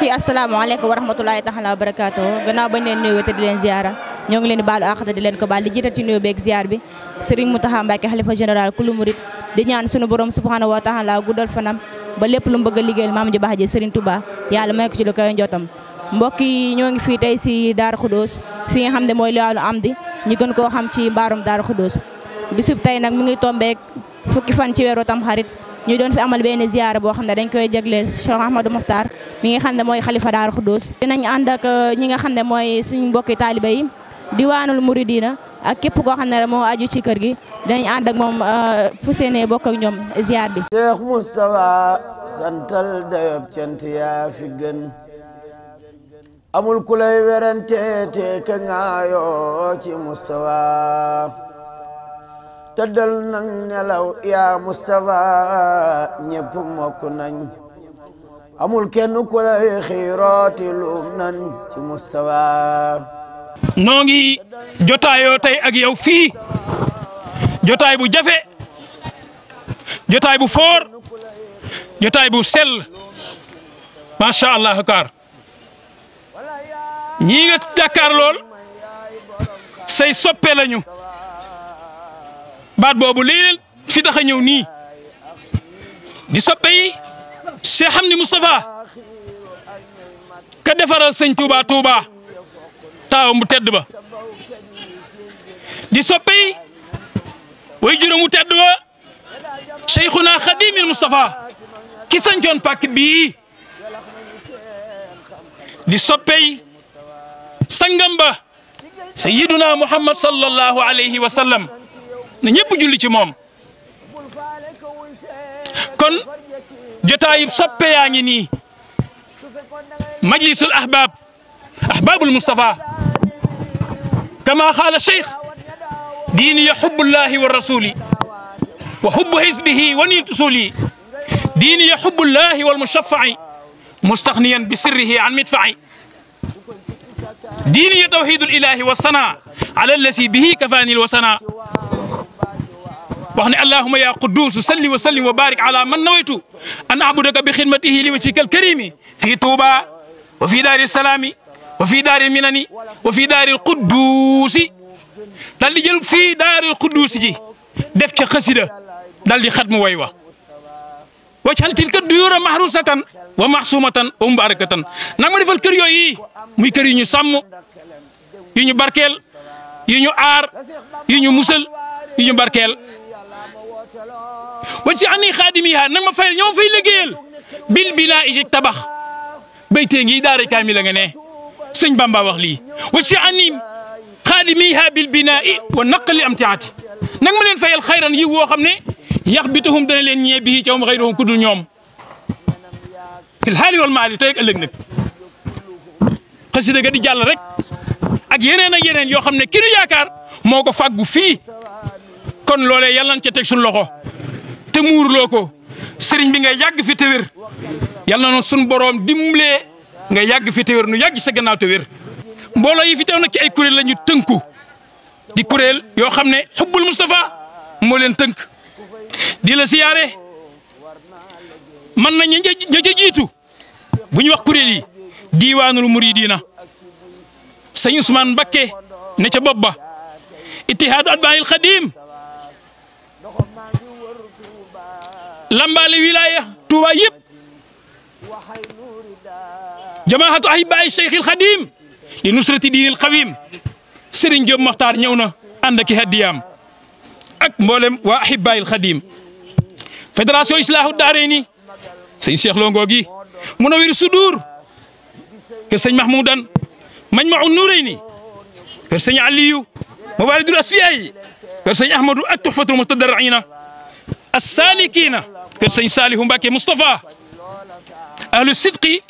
kii asalaamaaleykum wa rahmatulahi taala wa barakaatu gannaaw bañ leen nuyoo te di leen ziara ñoo ngi leen di baalu àq te di leen ko baal di jiital ci nuyoo beeg ziar bi Serigne Mountakha Mbacké xalifa général kulu murid di ñaan sunu borom subhanahu wa taala guddal fanam ba lépp lu mu bëgg a liggéeyal maam ji baax ji Serigne Touba may ko ci koy njottam mbokk ñoo ngi fii tey si Darou Khoudoss fi nga xam ne mooy Liwaawul Amdi ñu gën koo xam ci mbaarum fukki fan ci weeru tam xarit ñu doon fi amal benn ziyaara boo xam ne dañ koy jagleel Cheikh Ahmadou Mokhtar mi nga xam ne mooy xalifa Daaru Xudoos dinañ ànd ak euh, ñi nga xam ne mooy suñu mbokki taaliba yi diwaanul muridina ak képp koo xam ne moo aju ci kër gi dinañ ànd ak moom euh, fu seenee bokk ak ñoom ziar bi Cheikh Moustapha santal dayob cant yaa fi gën amul ku lay te ka ngaayoo ci Moustapha tëddal nang nelaw yaa Mustafa ñépp mokk kenn ku ngi jotaayoo tey ak yow fii jotaay bu jafe jotaay bu foor jotaay bu sell macha allah kaar ñii nga jàkkaar lool say soppe lañu baat boobu lii fi tax a ñëw nii di soppe yi Cheikh Hamdi Moustapha ka defaral sëñ Touba Touba taawam mu tedd ba di soppe yi way mu tedd ba Cheikhuna Khadimil Moustapha ki sancoon pàkk bii di soppe yi sangam ba sayyiduna Muhammad sallallahu alayhi wa sallam na ñëpp julli ci moom kon jotaayub soppe yaa ngi nii majlisul ahbab ahbabul Mustafa kama xaala cheikh diini ya xubbullahi wa rasuli wa xubbu xisbihi wa niil tusuli diini ya xubbullahi wal mushafai mustaxniyan bi sirrihi an midfai diini ya tawxidul ilahi wa sana ala allasi bihi kafaanil wa sana wax ne allahuma ya quddus salli wa sallim wa barik ala man nawaytu an abudaka bi xidmatihi li wajhika alkarimi fii tuuba wa fii daari salaami wa fii daari minani wa fii daari qudduusi dal di jël fii daari qudduusi ji def ca xasida dal di xatmu way wa wajal tilka duyura mahrusatan wa mahsumatan wa mubarakatan nag ma defal kër yooyu muy kër yu ñu sàmm yu ñu barkeel yu ñu aar yu ñu musal yu ñu barkeel wa ci ani xaadimiha nag ma fayal ñoo fay liggéeyal bil bilaa iji tabax béytee ngi daara kaami la nga ne sëñ Bamba wax lii wa ci ani xaadimiha bil binaa'i wa naqli amtiati nag ma leen fayal xayran yi woo xam ne yax bituhum dana leen ñee bii cawm xayruhum ku dul ñoom fil haali wal di jàll ak yeneen ak yeneen yoo xam ne ki nu yaakaar moo ko fii kon loolee yàlla ca teg suñu loxo te muurloo ko sëriñ bi nga yàgg fi te wér yàlla na suñu boroom dimbalee nga yàgg fi te wér nu yàgg sa gannaaw te wér. fi teew nag ci ay kuréel lañu tënku di kuréel yoo xam ne xubbul Moustapha moo leen tënk di la siyaare mën na ña ña ca bu ñu wax kuréel yi diiwaanul muridiina sëñ Ousmane Mbakke ne ca bopp ba ittihaadu atbaa'il xadiim lambaale wilaya Touba yëpp jamaahatu ahibbaay Cheikhil Khadim li nusrati diinil qawim Serigne Diop Makhtar ñëw na ànd ak i hadiyaam ak mboolem waa ahibbaayil Khadim fédération Islaahu Daarayni sëñ Cheikh Lo Ngogui Munawwir Sudur kër sëñ Mahmoudan Majmahun Nurayni kër sëñ Aliyu Mawaaridul Asfiyaay kër sëñ Ahmadou ak Tuhfatul Mustadarriina as-Saalikiina kër sëñ Saalihu Mbàkke Moustapha ahlu sidqi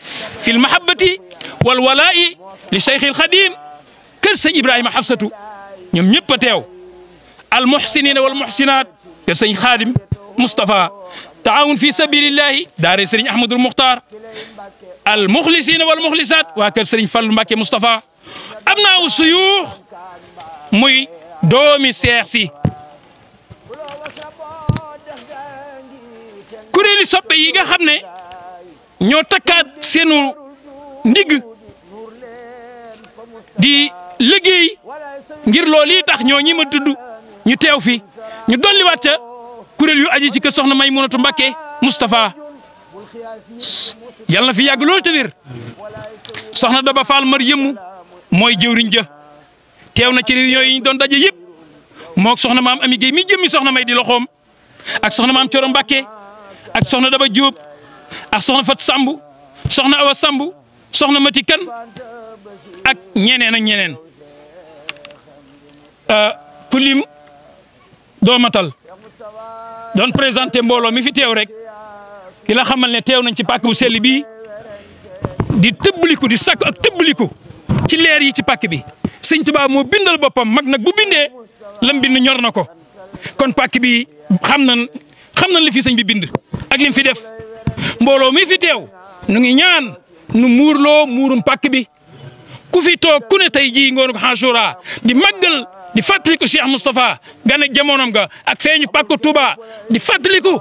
fi lmahabati wal walaa'i li Cheikh il Xadim kër sëñ Ibrahima Xafsatu ñoom ñëpp a teew al muxsinina wal muxsinaat kër sëñ Xaadim Moustapha taawun fi sabilillahi daare sëriñ Ahmadul Muxtaar al muxlisina wal muxlisaat waa kër sëriñ Fallu Mbàkke Moustapha am naa u suyuux muy doomi seex si seeni soppe yi nga xam ne ñoo takkaat seenu ndigg di liggéey ngir loolu yi tax ñoo ñi tudd ñu teew fi ñu dolliwaat ca kuréel yu aji ci kër soxna May Munatu Mbàkke Moustapha yàlla na fi yàgg loolu te wér soxna Daba Fall mar mooy jëwriñ ja teew na ci réunion yi ñu doon daje yëpp moog soxna maam Ami mi jëmmi soxna May di loxoom ak soxna maam Coro Mbàkke ak soxna Daba Diop ak soxna Fat sambu soxna Awa Samb soxna Mati Kan ak ñeneen ñeneen euh, ku lim doo matal doon présenté mbooloo mi fi teew rek ki la xamal ne teew nañ ci pàkk bu sell bii di tëbbliku di sakku ak tëbbliku ci leer yi ci pàkk bi sëñ Tuubaa moo bindal boppam mag na bu bindee lam bind ñor na ko kon pàkk bi xam nañ xam nañ li fi sëñ bi bind ak lim fi def mbooloo mi fi teew nu ngi ñaan nu muurloo muurum pàkk bi ku fi toog ku ne tey jii ngoonu Achoura di màggal di fàttaliku Cheikh Moustapha gan ak jamonoom ga ak feeñu pàkk Touba di fàttaliku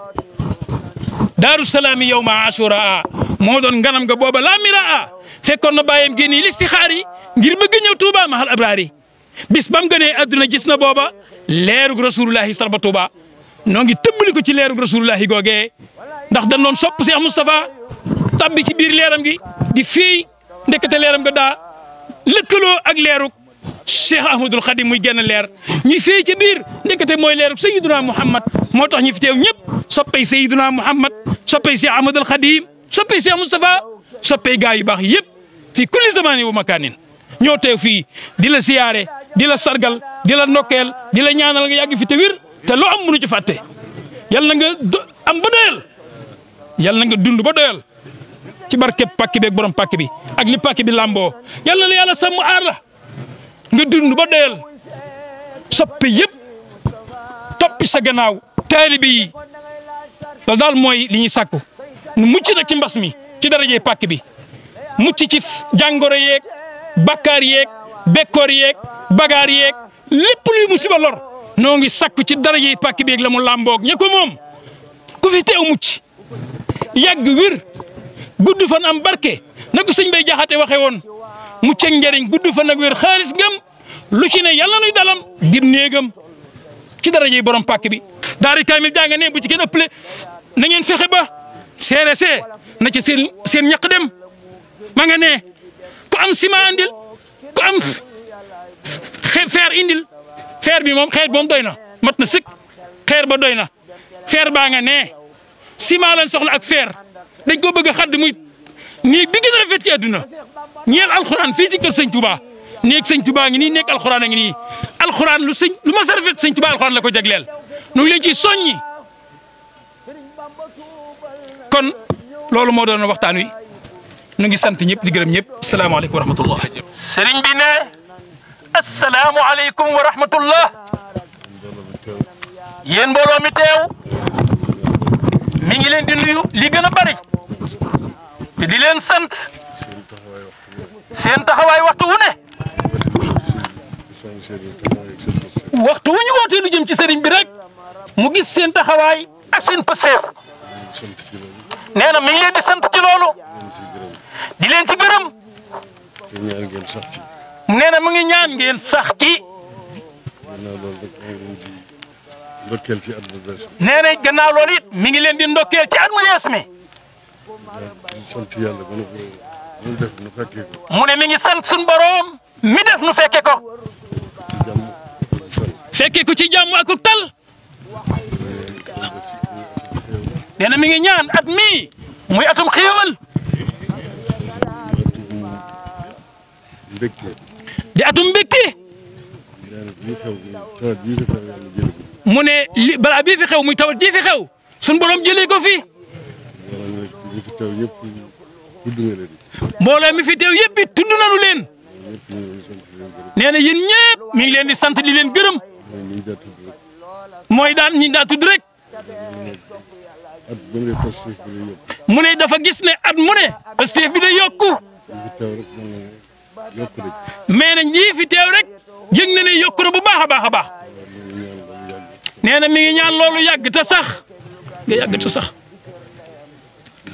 Daaru Salaam yow ma Achoura moo doon ganam ga booba laa miraa fekkoon na bàyyam génni listixaar yi ngir bëgg ñëw Touba mahal abraari bis bam gënee adduna gis na booba leerug rasulullahi sarba Touba noo ngi li ko ci leeru rasulullahi googee ndax dañ doon sopp Cheikh Moustapha tabbi ci biir leeram gi di fii ndekete leeram ga daa lëkkaloo ak leeruk Cheikh Ahmadul Khadim muy genn leer ñi fii ci biir ndekete mooy leeruk Sayyiduna Muhammad moo tax ñi fi teew ñëpp soppey Sayyiduna Muhammad soppey Cheikh Ahmadul Khadim soppey Cheikh Moustapha soppey gaa yu baax yëpp fii kulli zamani wa makaanin ñoo teew fii di la siyaare di la sargal di la ndokkeel di la ñaanal nga yàgg fi te te loo am mënu ci fàtte yàlla na nga am ba doyal yàlla na nga dund ba doyal ci barke pàkk bi ak borom pàkk bi ak li pàkk bi làmboo yàlla na yàlla sàmm aar la nga dund ba doyal soppe yëpp toppi sa gannaaw taalibe yi daal mooy li ñuy sàkku nu mucc nag ci mbas mi ci darajee pàkk bi mucc ci jàngoro yeeg bakkaar yeeg bekkoor yeeg bagaar yeeg lépp luy musiba lor noo ngi sakku ci yi pàkk bi ak la mu làmboog ña ko moom ku fi teew mucc yàgg wir gudd fan am barke na ko sëñ bay jaxate waxe woon mucc ak njëriñ gudd fan nag wér xaalis ngam lu ci ne yàlla nuy dalam dib néegam ci yi borom pàkk bi daari kaamil jaa nga ne bu ci kenn ëppale na ngeen fexe ba CRC na ci seen seen ñaq dem ma nga ne am sima indil ku am fer indil feer bi moom xeer moom doy na mat na sëkk xeer ba doy na feer baa nga nee ciment lañ soxla ak feer dañ ko bëgg a xadd muy nii bi gën a rafet ci àdduna ñeel alxuraan fii ci kër sëñ Touba néeg sëñ Touba ngi nii nekk alxuraan a ngi nii alxuraan lu sëñ lu ma sa rafet sëñ Touba alxuraan la ko jagleel nu ngi leen ciy soññi kon loolu moo doon waxtaan wi nu ngi sant ñëpp di gërëm ñëpp salaamaaleykum wa rahmatullah sëriñ bi asalaamu aleykum wa rahmatullah yéen mi teew mi ngi leen di nuyu li gën a bari te di leen sant seen taxawaay waxtu wu ne waxtu wu ñu wootee lu jëm ci sëriñ bi rek mu gis seen taxawaay ak seen pësteef nee na mi ngi leen di sant ci loolu di leen ci gërëm. nee mu ngi ñaan ngeen sax ci. ndokkeel ci at mu mi. ngi leen di ndokkeel ci at mu bees mi. mu def nu mu ngi sant suñu boroom mi def nu fekkee ko. fekkee ko ci jàmm ak tal. nee na mi ngi ñaan at mii muy atum xéewal. di atum mbégte mu ne li balaa bii fi xew muy tawat jii xew suñu borom jëlee ko fi. mbooloo mi fi teew yëpp it tudd leen. nee na yéen ñëpp leen di sant di leen gërëm. mooy daan ñi daa tudd mu ne dafa gis ne at mu ne. Pastef bi day yokku. mais nag ñii fi teew rek yëg na ne yokku na bu baax a baax a baax nee na mi ngi ñaan loolu yàgg ta sax nga yàgg te sax.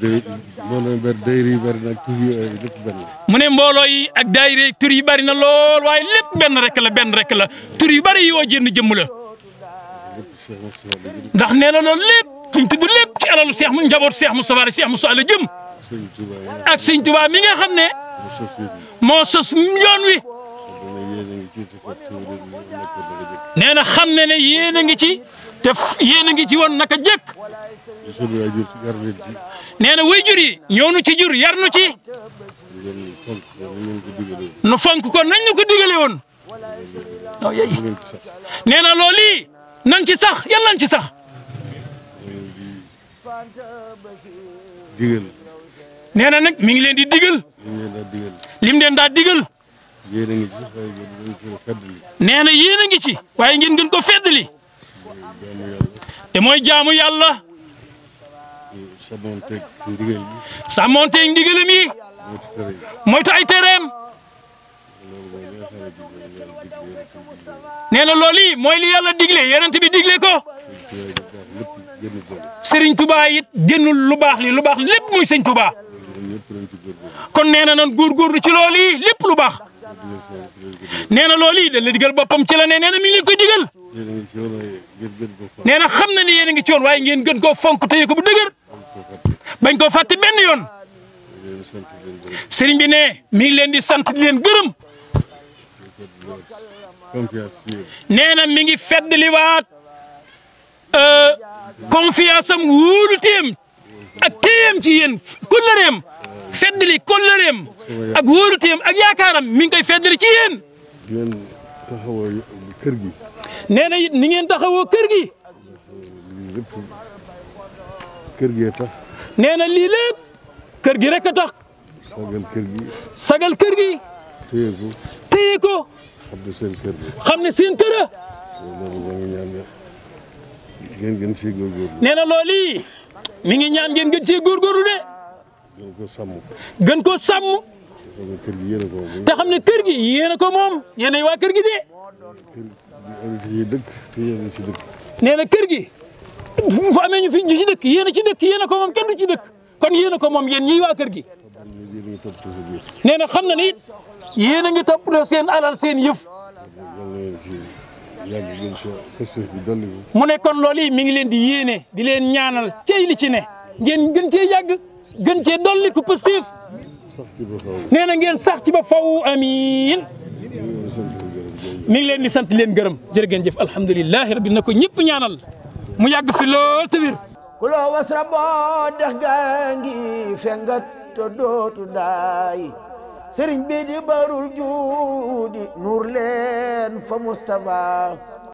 Eh, mu ne mbooloo yi ak daayira yi tur yi bari na lool waaye lépp benn rek la benn rek la tur yu bari yoo jëmm la ndax nee na loolu lépp fuñ tudd lépp ci alalu seex mu njabootu seex mu sawaare seex mu soxla jëm ak sëñ Tuubaa mi nga xam ne. moo sos yoon wi nee na xam na ne yéen a ngi ci te yéen a ngi ci woon naka jëkk nee na waajur yi ñoo nu ci jur yar nu ci nu fonk ko nañ ko digale woon oh, nee na loolu yi ci sax yal nañ ci sax nee nag mi ngi leen di digal lim leen daa digal. nee na yéen a ngi ci waaye ngeen gën ko feddali. te mooy jaamu yàlla. sàmmonteeg ndigalam yi. moytu ay tereem. nee na loolu yi mooy li yàlla digle yonent bi digle ko. Serigne Touba it génnul lu baax li lu baax lépp muy Serigne Touba. kon nee na nan góorgóorlu ci loolu yi lépp lu baax nee na loolu yi dañ la digal boppam ci la ne nee na mi ngi leen koy digal nee na xam na ni yéen a ngi ci woon waaye ngeen gën koo fonk téye ko bu dëgër bañ koo fàtte benn yoon sëriñ bi ne mi ngi leen di sant di leen gërëm nee na mi ngi feddliwaat euh, confiance am wóolu téem ak téyem ci yéen kullereem feddali kóllëreem ak wóoruteem ak yaakaaram mi ngi koy feddali ci yéen. di ngeen taxawoo kër gi. nee na it ni ngeen taxawoo kër gi. kër nee na lii lépp kër gi rek a tax. sagal kër gi. sagal kër gi. téye ko. xam ne seen kër la. xam ne seen kër la. ngeen gën cee góorgóorlu. nee na ngeen gën de. gën koo gën koo sàmm. te xam ne kër gi yéen ko moom yéen ay kër gi de. nee na kër gi fu amee ñu fi ñu ci dëkk yéen ci dëkk yéen ko moom kenn du ci dëkk kon yéen ko moom yéen ñuy waa kër gi. nee na xam na ni yéen a ngi toppatoo seen alal seen yëf. mu ne kon loolu yi mi ngi leen di yéene di leen ñaanal cey li ci ne ngeen gën cee yàgg. gën cee dolli ku positif nee ngeen sax ci ba faw amiin mi ngi leen di sant leen gërëm jërë ngeen jëf alhamdulilahi rabbi na ko ñëpp ñaanal mu yàgg fi lool te wér ku loo wasra boo dex gaa ngi fengat te dootu daay sëriñ bi barul juudi nuur leen fa Mustafa